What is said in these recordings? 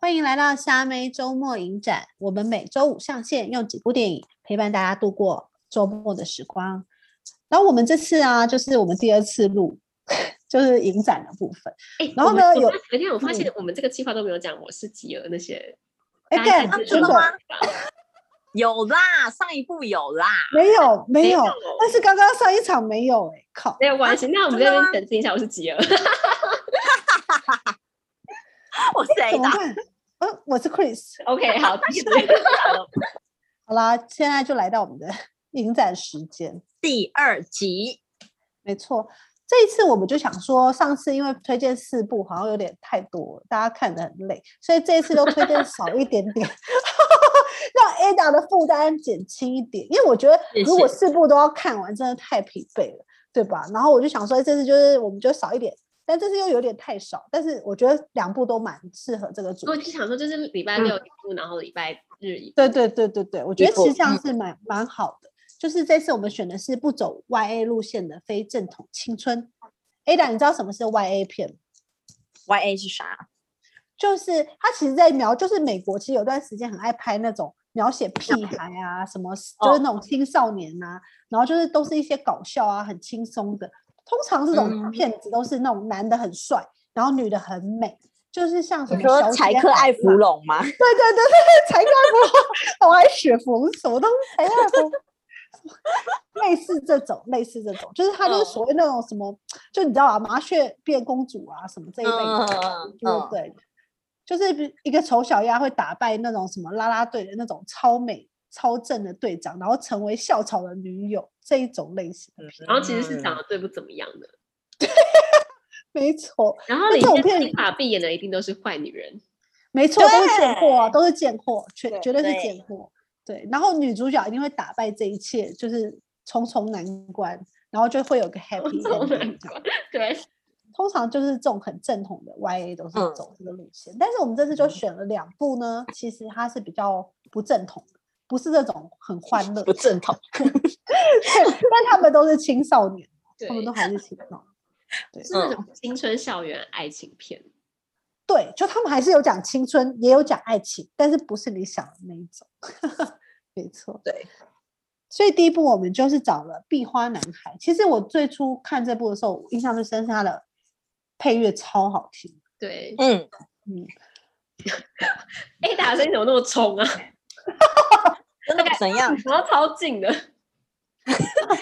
歡迎來到蝦妹週末影展，我們每週五上線，用幾部電影陪伴大家度過週末的時光。然後我們這次啊，就是我們第二次錄，就是影展的部分。欸、然後呢，有昨天我發現，我們這個計劃都沒有講我是幾兒那些。哎、okay, 啊，真的嗎？有啦，上一部有啦。沒有，沒有。但是剛剛上一場沒有、欸，哎，靠。沒有關係，啊、那我們這邊等一下、啊，我是幾兒？我是誰的？呃，我是 Chris。OK，好。 好啦，現在就來到我們的影展時間第二集。沒錯。這一次我們就想說，上次因為推薦四部好像有點太多，大家看得很累，所以這一次都推薦少一點點， 讓 Ada 的負擔減輕一點。因為我覺得如果四部都要看完，真的太疲憊了，對吧？然後我就想說，這次就是我們就少一點，但這次又有點太少。但是我覺得兩部都蠻適合這個主題。我就想說，就是禮拜六一部、嗯，然後禮拜日一部，對，對對對對對，我覺得其實這樣是蠻、嗯、蠻好的。就是這次我們選的是不走 YA 路線的非正統青春。Ada，你知道什麼是 YA 片？YA 是啥？就是它其實，在描，就是美國其實有段時間很愛拍那種描寫屁孩啊，什麼就是那種青少年吶、啊，oh. 然後就是都是一些搞笑啊，很輕鬆的。通常這種片子都是那種男的很帥、嗯，然後女的很美，就是像什麼小小小小小，柴克艾弗隆嗎？對 對對對，柴克艾弗隆、雪 芙，什麼都柴克艾 類似這種，類似這種，就是他就是所謂那種什麼，oh. 就你知道啊，麻雀變公主啊，什麼這一類的，對、oh. oh. 對？就是一個醜小鴨會打敗那種什麼啦啦隊的那種超美超正的隊長，然後成為校草的女友這一種類型的、嗯， 然後其實是長得最不怎麼樣的，沒錯。然後你這種片裡卡碧演的一定都是壞女人，沒錯，都是賤貨、啊，都是賤貨，全對對絕，絕對是賤貨。對，然後女主角一定會打敗這一切，就是重重難關，然後就會有個 happy、哦、end、嗯、對，通常就是這種很正統的 YA 都是走這個路線，嗯、但是我們這次就選了兩部呢，嗯、其實它是比較不正統的，不是這種很歡樂。不正統， 但他們都是青少年，他們都還是青少年，對，是那種青春校園愛情片。對，就他們還是有講青春，也有講愛情，但是不是你想的那一種。 沒錯，對。所以第一部我們就是找了《壁花男孩》。其實我最初看這部的時候，我印象最深是它的配樂超好聽。對，嗯嗯。A、 欸、打聲怎麼那麼衝啊？真 的 怎樣？然 後超近的，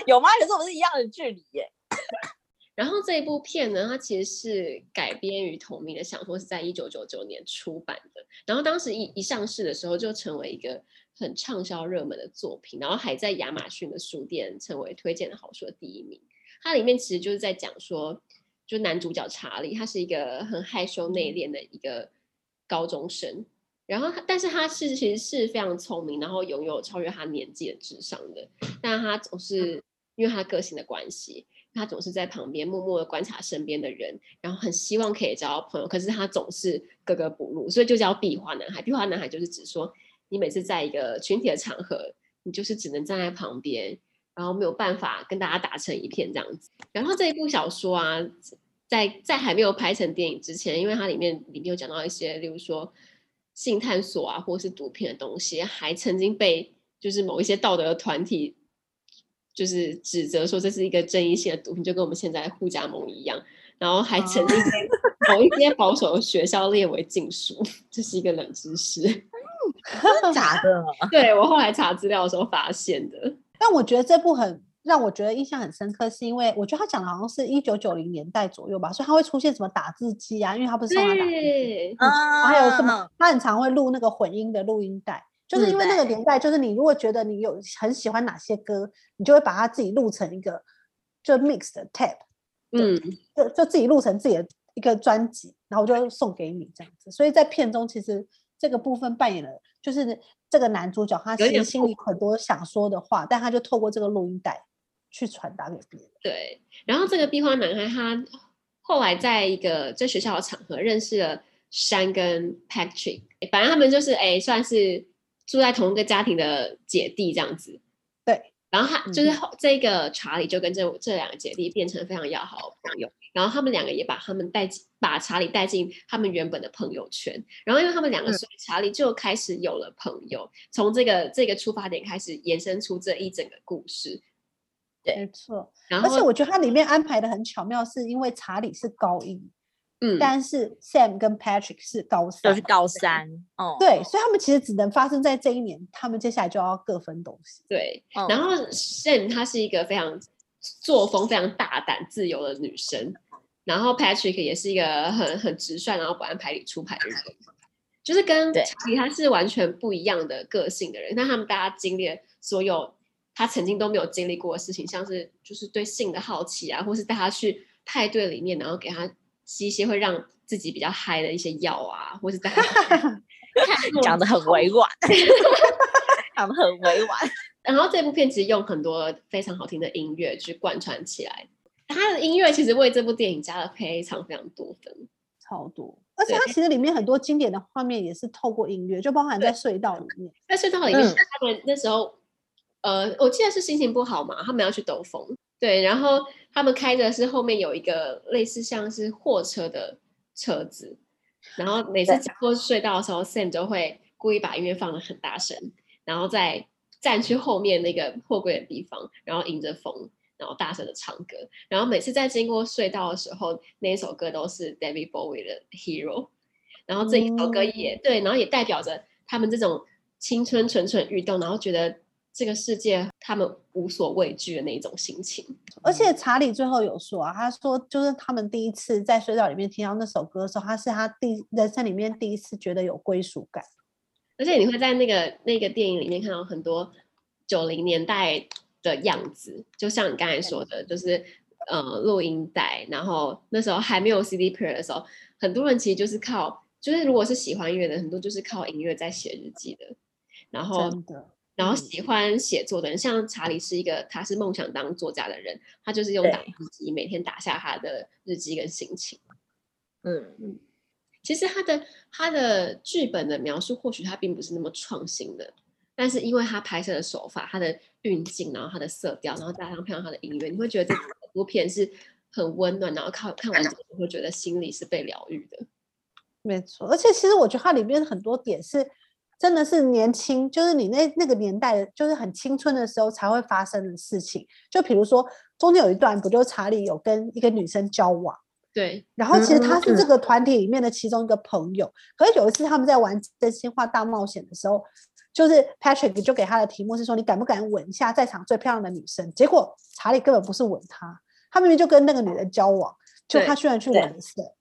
有嗎？可 是我們是一樣的距離耶、欸。 然後這一部片呢，它其實是改編於同名的小說，是在一九九九年出版的。然後當時一一上市的時候，就成為一個。很暢銷熱門的作品，然後還在亞馬遜的書店成為推薦的好書的第一名。它裡面其實就是在講說，就男主角查理，他是一個很害羞內斂的一個高中生，然後但是他是其實是非常聰明，然後擁有超越他年紀的智商的，但他總是因為他個性的關係，他總是在旁邊默默的觀察身邊的人，然後很希望可以交到朋友，可是他總是格格不入，所以就叫壁花男孩。壁花男孩就是指說。你每次在一個群體的場合，你就是只能站在旁邊，然後沒有辦法跟大家打成一片這樣子。然後這一部小說啊，在在還沒有拍成電影之前，因為它裡面裡面有講到一些，例如說性探索啊，或者是毒品的東西，還曾經被就是某一些道德團體就是指責說這是一個爭議性的毒品，就跟我們現在護家盟一樣。然後還曾經被某一些保守的學校列為禁書，這是一個冷知識。 假的。 對，我後來查資料的時候發現的。 但我覺得這部很讓我覺得印象很深刻，是因為我覺得他講的好像是一九九零年代左右吧，所以他會出現什麼打字機啊，因為他不是送他打字機、嗯哦，還有什麼他、哦、很常會錄那個混音的錄音帶，就是因為那個年代，就是你如果覺得你有很喜歡哪些歌，你就會把它自己錄成一個就 mixed tape，嗯，就就自己錄成自己的一個專輯，然後我就會送給你這樣子。所以在片中其實。這個部分扮演了，就是這個男主角，他其實心裡很多想說的話，但他就透過這個錄音帶去傳達給別人。對，然後這個壁花男孩他後來在一個在學校的場合認識了珊跟 Patrick，反正他們就是哎算是住在同一個家庭的姐弟這樣子。對。然後他就是這個查理就跟這這兩個姐弟變成非常要好的朋友，然後他們兩個也把他們帶進，把查理帶進他們原本的朋友圈，然後因為他們兩個，所以查理就開始有了朋友，從這個這個出發點開始延伸出這一整個故事。對，沒錯，而且我覺得它裡面安排的很巧妙，是因為查理是高一。嗯，但是 Sam 跟 Patrick 是高三，都、就是高三哦。對，所以他們其實只能發生在這一年，他們接下來就要各分東西。對，哦、然後 Sam 她是一個非常作風非常大膽、自由的女生，然後 Patrick 也是一個很很直率，然後不按牌理出牌的人，就是跟查理他是完全不一樣的個性的人。那他們大家經歷所有他曾經都沒有經歷過的事情，像是就是對性的好奇啊，或是帶他去派對裡面，然後給他。吸一些會讓自己比較嗨的一些藥啊，或者講的 講得很委婉，講的很委婉。然後這部片其實用很多非常好聽的音樂去貫穿起來，他的音樂其實為這部電影加了非常非常多分，超多，而且它其實裡面很多經典的畫面也是透過音樂，就包含在隧道裡面，在隧道裡面，嗯、他們那時候呃，我記得是心情不好嘛，他們要去兜風，對，然後。他們開的是後面有一個類似像是貨車的車子，然後每次經過隧道的時候，Sam 就會故意把音樂放得很大聲，然後再站去後面那個貨櫃的地方，然後迎着風，然後大聲的唱歌。然後每次在經過隧道的時候，那一首歌都是 David Bowie 的 Hero，然後這一首歌也、嗯、對，然後也代表着他們這種青春蠢蠢欲動，然後覺得。這個世界，他們無所畏懼的那種心情。而且查理最後有說啊，他說就是他們第一次在隧道裡面聽到那首歌的時候，他是他第人生裡面第一次覺得有歸屬感。而且你會在那個那個電影裡面看到很多九零年代的樣子，就像你剛才說的，就是呃錄音帶，然後那時候還沒有 CD player 的時候，很多人其實就是靠，就是如果是喜歡音樂的，很多就是靠音樂在寫日記的。然後真的。然後喜歡寫作的人、嗯，像查理是一個，他是夢想當作家的人，他就是用打字機每天打下他的日記跟心情。嗯嗯，其實他的他的劇本的描述，或許他並不是那麼創新的，但是因為他拍攝的手法、他的運鏡，然後他的色調，然後加上配上他的音樂，你會覺得這部片是很溫暖，然後看看完之後你會覺得心裡是被療癒的。沒錯，而且其實我覺得它裡面很多點是。真的是年輕，就是你那那個年代的，就是很青春的時候才會發生的事情。就比如說，中間有一段不就查理有跟一個女生交往？對，然後其實他是這個團體裡面的其中一個朋友、嗯。可是有一次他們在玩真心話大冒險的時候，就是 Patrick 就給他的題目是說：“你敢不敢吻一下在場最漂亮的女生？”結果查理根本不是吻她，他明明就跟那個女人交往，就她居然去吻色。對，對。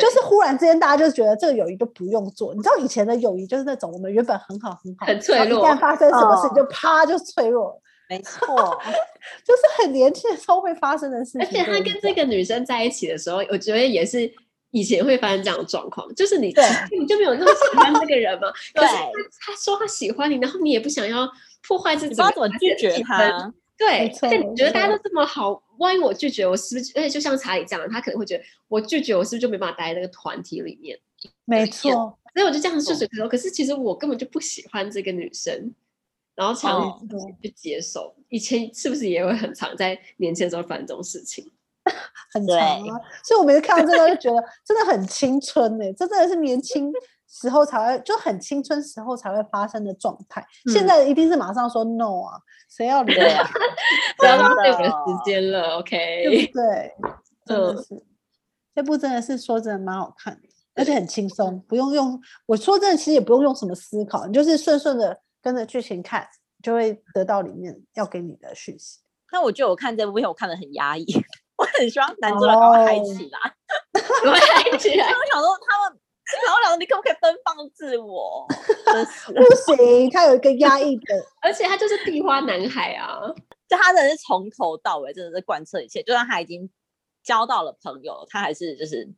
就是忽然之間，大家就覺得這個友誼都不用做。你知道以前的友誼就是那種，我們原本很好很好，很脆弱，一旦發生什麼事、哦、就啪就脆弱。沒錯， 就是很年輕的時候會發生的事情。而且他跟這個女生在一起的時候，我覺得也是以前會發生這種狀況，就是你對、啊、你就沒有那麼喜歡這個人嘛？ 可是他， 他說他喜歡你，然後你也不想要破壞自己。你怎麼拒絕他？啊對，但你覺得大家都這麼好，萬一我拒絕，我是不是？而且就像查理這樣，他可能會覺得我拒絕，我是不是就沒辦法待在那個團體裡面？沒錯，所以我就這樣順水推舟、哦。可是其實我根本就不喜歡這個女生，然後強去接受、哦。以前是不是也會很常在年輕的時候發生這種事情？嗯、對對 很常啊！所以我每次看到這個就覺得真的很青春哎、欸， 這真的是年輕。時候才會就很青春時候才會發生的狀態、嗯，現在一定是馬上說 no 啊，誰要聊、啊？ 的不要浪費我們時間了，OK，對不對？呃、真的是這部真的是說真的蠻好看的，而且很輕鬆，不用用我說真的，其實也不用用什麼思考，你就是順順的跟着劇情看，就會得到裡面要給你的訊息。那我覺得我看這部片，我看的很壓抑， 我很希望男主人趕快開啟啦，趕快開啟！因 為 我想說他們。 然後老師，你可不可以奔放自我？ 不行，他有一個壓抑的， 而且他就是壁花男孩啊！ 就他真的是從頭到尾真的是貫徹一切，就算他已經交到了朋友，他還是就是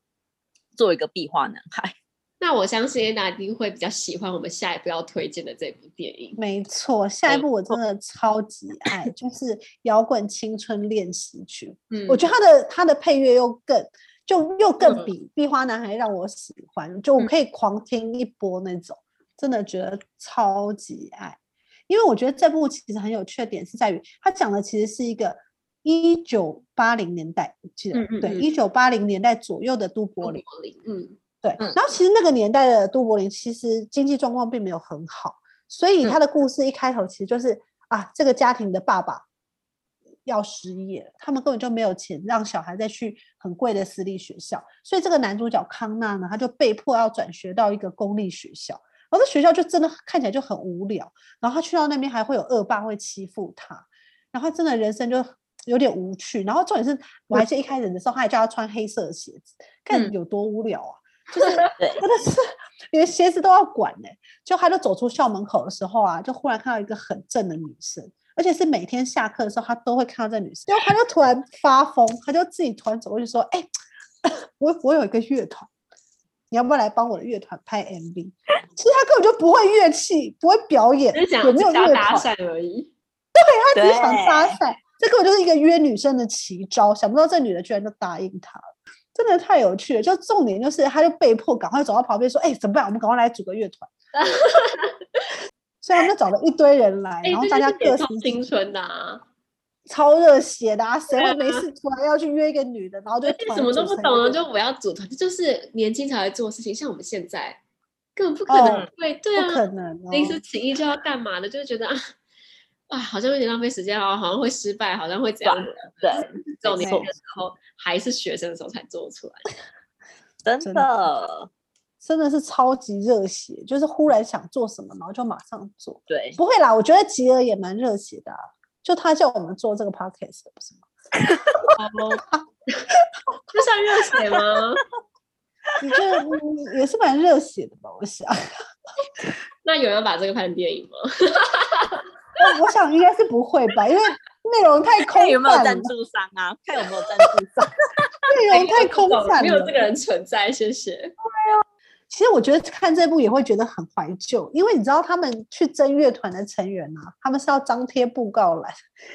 做一個壁花男孩。 那我相信安娜一定會比較喜歡我們下一部要推薦的這部電影。沒錯，下一部我真的超級愛，嗯、就是《搖滾青春戀習曲》。嗯，我覺得它的它的配樂又更就又更比《壁花男孩》讓我喜歡，嗯、就我可以狂聽一波，那種、嗯，真的覺得超級愛。因為我覺得這部其實很有趣的點是在於它講的其實是一個一九八零年代，記得嗯嗯嗯對，一九八零年代左右的都柏林。嗯。嗯對，然後其實那個年代的都柏林其實經濟狀況並沒有很好，所以他的故事一開頭其實就是啊，這個家庭的爸爸要失業，他們根本就沒有錢讓小孩再去很貴的私立學校，所以這個男主角康納呢，他就被迫要轉學到一個公立學校，然後這學校就真的看起來就很無聊，然後他去到那邊還會有惡霸會欺負他，然後他真的人生就有點無趣，然後重點是，我還記得一開始的時候，他還叫他穿黑色的鞋子、嗯，看有多無聊啊！就 是，真的是，連鞋子都要管哎、欸！就他就走出校門口的時候啊，就忽然看到一個很正的女生，而且是每天下課的時候，他都會看到這女生。然後他就突然發瘋，他就自己突然走過去說：“哎、欸，我我有一個樂團，你要不要來幫我的樂團拍 MV？” 其實他根本就不會樂器，不會表演，就沒有樂團，耍帥而已。對，他只對就是想耍帥，這根本就是一個約女生的奇招，想不到這女的居然就答應他了。真的太有趣了，就重點就是他就被迫趕快走到旁邊說：“哎、欸，怎麼辦？我們趕快來組個樂團。 ”所以我們就找了一堆人來，欸、然後大家個性、欸、青春的、啊，超熱血的、啊，誰會沒事突然要去約一個女的，對啊、然後就然什麼都不懂了，就我要組團就是年輕才會做的事情，像我們現在根本不可能對、嗯、對啊，不可能臨時起意就要幹嘛的，就是覺得啊。啊，好像有點浪費時間哦，好像會失敗，好像會這樣子。對，種你那時候還是學生的時候才做出來，真的，真的是超級熱血，就是忽然想做什麼，然後就馬上做。對，不會啦，我覺得吉爾也蠻熱血的、啊，就他叫我們做這個 podcast 是不是嗎？哈哈，就算熱血嗎？ 你就你也是蠻熱血的吧？我想， 那有人要把這個拍成電影嗎？ 哦、我想應該是不會吧，因為內容太空泛了。有沒有贊助商啊？看有沒有贊助商。內容太空泛了。沒有這個人存在，謝謝。對、啊、其實我覺得看這部也會覺得很懷舊，因為你知道他們去徵樂團的成員啊，他們是要張貼佈告欄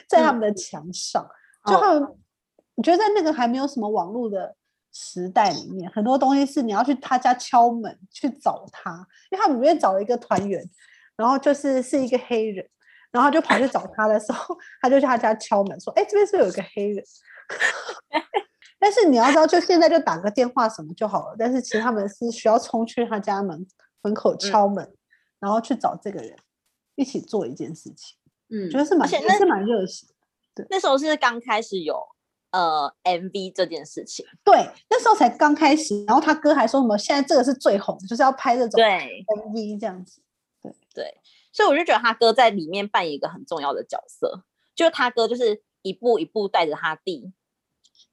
在他們的牆上。嗯、就我、哦、覺得在那個還沒有什麼網絡的時代裡面，很多東西是你要去他家敲門去找他，因為他們裡面找了一個團員，然後就是是一個黑人。然後就跑去找他的時候，他就去他家敲門，說：“哎、欸，這邊是有一個黑人。 ”但是你要知道，就現在就打個電話什麼就好了。但是其實他們是需要衝去他家門門口敲門、嗯，然後去找這個人，一起做一件事情。嗯，覺得是蠻而且那是蠻熱血。對，那時候是剛開始有呃 MV 這件事情。對，那時候才剛開始。然後他哥還說什麼：“現在這個是最紅，就是要拍這種 MV 這樣子。對”對對。所以我就覺得他哥在裡面扮演一個很重要的角色，就他哥就是一步一步帶着他弟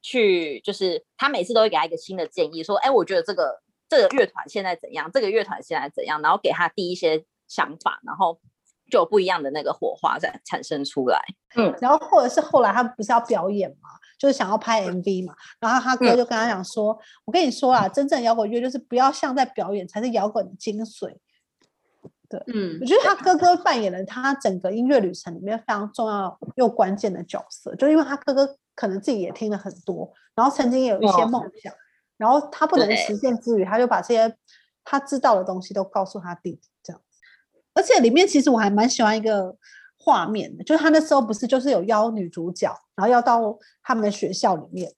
去，就是他每次都會給他一個新的建議，說，哎，我覺得這個這個樂團現在怎樣，這個樂團現在怎樣，然後給他弟一些想法，然後就有不一樣的那個火花在產生出來。嗯，然後或者是後來他不是要表演嗎？就是想要拍 MV 嘛，然後他哥就跟他講說，嗯、我跟你說啊，真正搖滾樂就是不要像在表演，才是搖滾的精髓。對，嗯，我覺得他哥哥扮演了他整個音樂旅程裡面非常重要又關鍵的角色，就因為他哥哥可能自己也聽了很多，然後曾經也有一些夢想，然後他不能實現之餘，他就把這些他知道的東西都告訴他弟弟，這樣。而且裡面其實我還蠻喜歡一個畫面的，就是他那時候不是就是有邀女主角，然後要到他們的學校裡面，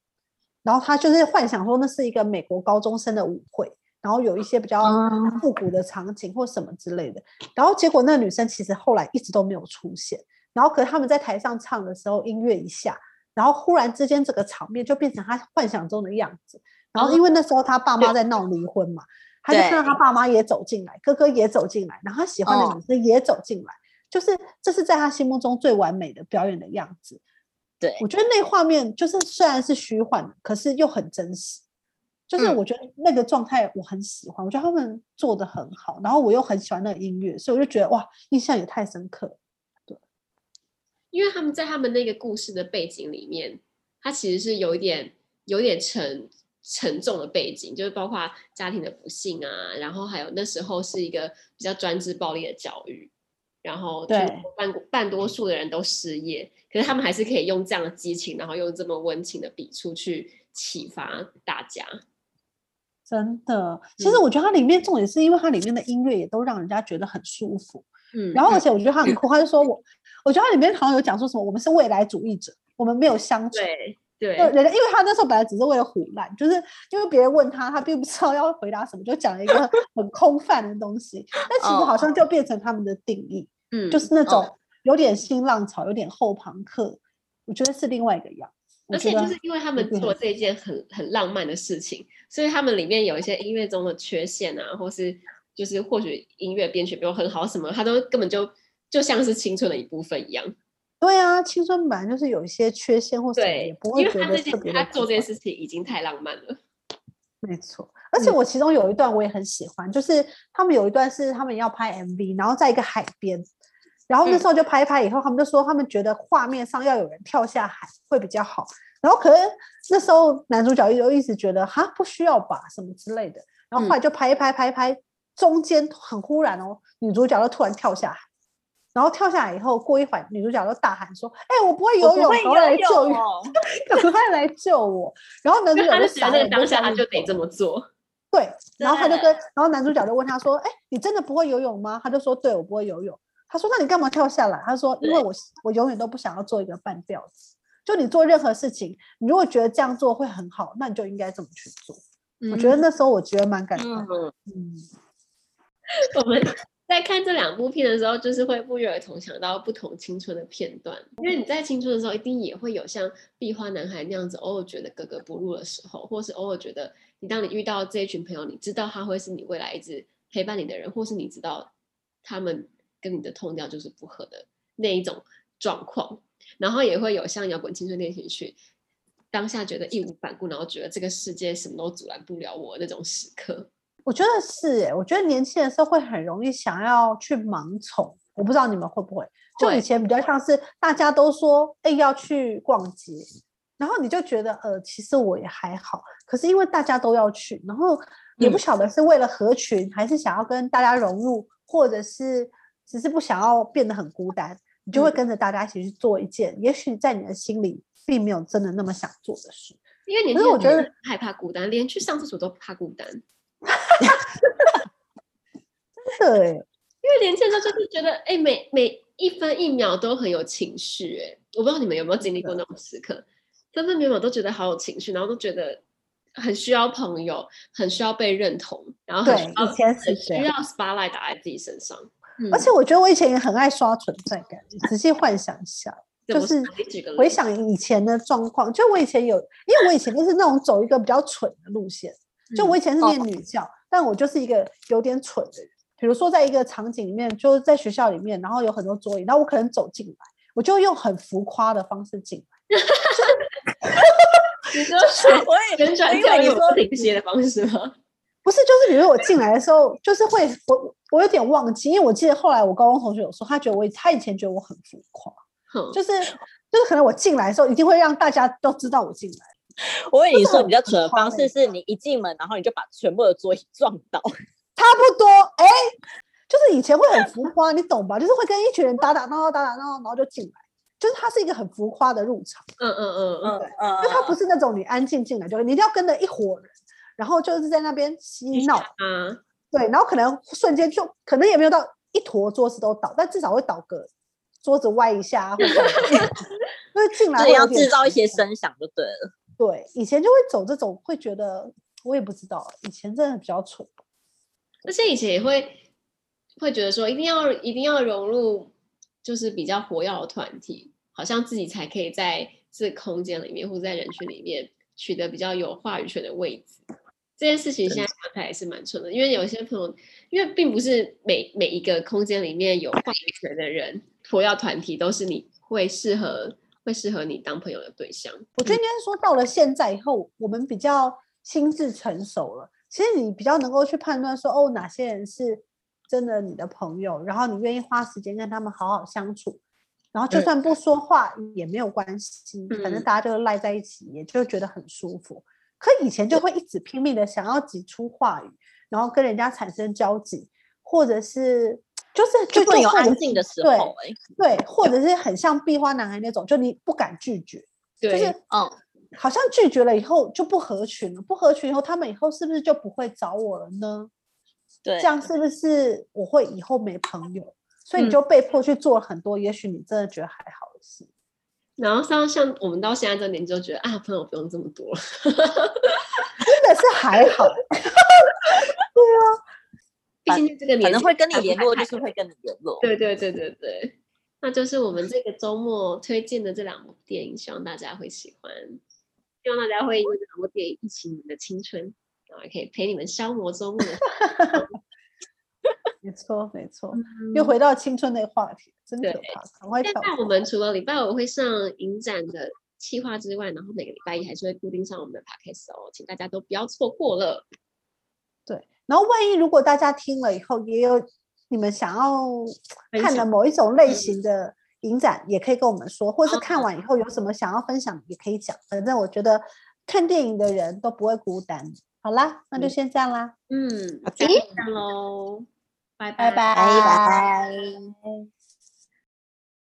然後他就是幻想說那是一個美國高中生的舞會。然後有一些比較復古的場景或什麼之類的，然後結果那女生其實後來一直都沒有出現。然後，可是他們在台上唱的時候，音樂一下，然後忽然之間這個場面就變成他幻想中的樣子。然後，因為那時候他爸媽在鬧離婚嘛，他就看到他爸媽也走進來，哥哥也走進來，然後他喜歡的女生也走進來，就是這是在他心目中最完美的表演的樣子。對，我覺得那畫面就是雖然是虛幻，可是又很真實。就是我覺得那個狀態我很喜歡，嗯、我覺得他們做的很好，然後我又很喜歡那個音樂，所以我就覺得哇，印象也太深刻！對，因為他們在他們那個故事的背景裡面，他其實是有一點有一點沉沉重的背景，就是包括家庭的不幸啊，然後還有那時候是一個比較專制暴力的教育，然後半對半半多數的人都失業，可是他們還是可以用這樣的激情，然後用這麼溫情的筆觸去啟發大家。真的，其實我覺得它裡面重點是因為它裡面的音樂也都讓人家覺得很舒服。嗯，然後而且我覺得他很酷、嗯，他就說我，我覺得他裡面好像有講說什麼，我們是未來主義者，我們沒有相處。對，人因為他那時候本來只是為了唬爛，就是因為別人問他，他並不知道要回答什麼，就講了一個很空泛的東西。 但其實好像就變成他們的定義，嗯、哦，就是那種有點新浪潮，有點後朋克，我覺得是另外一個樣。而且就是因為他們做這一件很、嗯、很浪漫的事情，所以他們裡面有一些音樂中的缺陷啊，或是就是或許音樂編曲沒有很好什麼，他都根本就就像是青春的一部分一樣。對啊，青春本來就是有一些缺陷或什麼，也不會覺得對，因為他做這件事情已經太浪漫了，沒錯。而且我其中有一段我也很喜歡，嗯、就是他們有一段是他們要拍 MV，然後在一個海邊。然後那時候就拍一拍，以後他們就說他們覺得畫面上要有人跳下海會比較好。然後可能那時候男主角又一直覺得哈不需要吧什麼之類的。然後後來就拍一拍拍一拍，中間很忽然哦，女主角就突然跳下海。然後跳下來以後，過一會兒女主角就大喊說：“哎，我不會游泳， 快來救我！快來救我！”然後男主角就想了一下，他就得這麼做。對，然後他就跟，然後男主角就問他說：“哎，你真的不會游泳嗎？”他就說：“對，我不會游泳。”他說：“那你幹嘛跳下來？”他說：“因為我我永遠都不想要做一個半吊子。就你做任何事情，你如果覺得這樣做會很好，那你就應該這麼去做。嗯”我覺得那時候我覺得蠻感動。嗯， 我們在看這兩部片的時候，就是會不約而同想到不同青春的片段，因為你在青春的時候，一定也會有像《壁花男孩》那樣子，偶爾覺得格格不入的時候，或是偶爾覺得，你當你遇到這一群朋友，你知道他會是你未來一直陪伴你的人，或是你知道他們。跟你的 tone 調就是不合的那一種狀況，然後也會有像搖滾青春戀習曲，當下覺得義無反顧，然後覺得這個世界什麼都阻攔不了我那種時刻。我覺得是、欸、我覺得年輕的時候會很容易想要去盲從，我不知道你們會不會。就以前比較像是大家都說誒、欸、要去逛街，然後你就覺得呃其實我也還好，可是因為大家都要去，然後也不曉得是為了合群、嗯，還是想要跟大家融入，或者是。只是不想要變得很孤單，你就會跟着大家一起去做一件，嗯、也許在你的心裡並沒有真的那麼想做的事。因為你覺得害怕孤單，連去上廁所都怕孤單。 真的哎，因為年輕人都就是覺得哎、欸，每每一分一秒都很有情緒哎，我不知道你們有沒有經歷過那種時刻，分分秒秒都覺得好有情緒，然後都覺得很需要朋友，很需要被認同，然後很需要，要 spotlight 打在自己身上。而且我覺得我以前也很愛刷存在感。仔細幻想一下，就是回想以前的狀況。就我以前有，因為我以前就是那種走一個比較蠢的路線。嗯、就我以前是念女校，哦，但我就是一個有點蠢的人。比如說，在一個場景裡面，就是在學校裡面，然後有很多桌椅，然後我可能走進來，我就用很浮誇的方式進來。 你說蠢，就是啊，我也能轉，因為你說你有頂鞋的方式嗎？ 不是，就是比如我進來的時候，就是會我我有點忘記，因為我記得後來我高中同學有說，他覺得我他以前覺得我很浮誇，就是就是可能我進來的時候一定會讓大家都知道我進來。我以為你說比較蠢的方式是你一進門，然後你就把全部的桌椅撞倒， 差不多。哎、欸，就是以前會很浮誇， 你懂吧？就是會跟一群人打打鬧鬧，打打鬧鬧，然後就進來。就是他是一個很浮誇的入場。嗯嗯嗯嗯，對，就、嗯嗯嗯嗯、他不是那種你安靜進來就你一定要跟着一夥人。然後就是在那邊嬉鬧啊、嗯，對，然後可能瞬間就可能也沒有到一坨桌子都倒，但至少會倒個桌子歪一下， 或者因為進、就是、來要制造一些聲響就對了。對，以前就會走這種，會覺得我也不知道，以前真的很比較蠢，而且以前也會會覺得說，一定要一定要融入就是比較活躍的團體，好像自己才可以在這空間裡面或者在人群裡面取得比較有話語權的位置。這件事情現在想起來還是蠻蠢的、嗯，因為有些朋友，因為並不是每每一個空間裡面有話語權的人，佛要團體都是你會適合會適合你當朋友的對象。嗯、我覺得應該說，到了現在以後，我們比較心智成熟了，其實你比較能夠去判斷說，哦，哪些人是真的你的朋友，然後你願意花時間跟他們好好相處，然後就算不說話也沒有關係，嗯、反正大家就賴在一起，也就覺得很舒服。可，以前就會一直拼命的想要擠出話語，然後跟人家產生交集，或者是就是就不能有安靜的時候，欸，對，對，或者是很像壁花男孩那種，就你不敢拒絕，對，就是、哦、好像拒絕了以後就不合群了，不合群以後他們以後是不是就不會找我了呢？對，這樣是不是我會以後沒朋友？所以你就被迫去做很多，嗯，也許你真的覺得還好的事。然後像像我們到現在這年紀，就覺得啊，朋友不用這麼多， 真的是還好， 對啊。畢、啊、竟這個年紀，可能會跟你聯絡，就是會跟你聯絡。對 對對對對，那就是我們這個周末推薦的這兩部電影，希望大家會喜歡，希望大家會因為這兩部電影憶起你的青春，然後還可以陪你們消磨周末。 沒錯，沒錯、嗯，又回到青春那個話題，真的我怕。現在我們除了禮拜五會上影展的計劃之外，然後每個禮拜一還是會固定上我們的 podcast 哦，請大家都不要錯過了。對，然後萬一如果大家聽了以後也有你們想要看的某一種類型的影展，也可以跟我們說、嗯，或是看完以後有什麼想要分享，也可以講。反、哦、正我覺得看電影的人都不會孤單。好啦，那就先這樣啦。嗯，嗯 okay? 再見嘍。拜拜拜拜。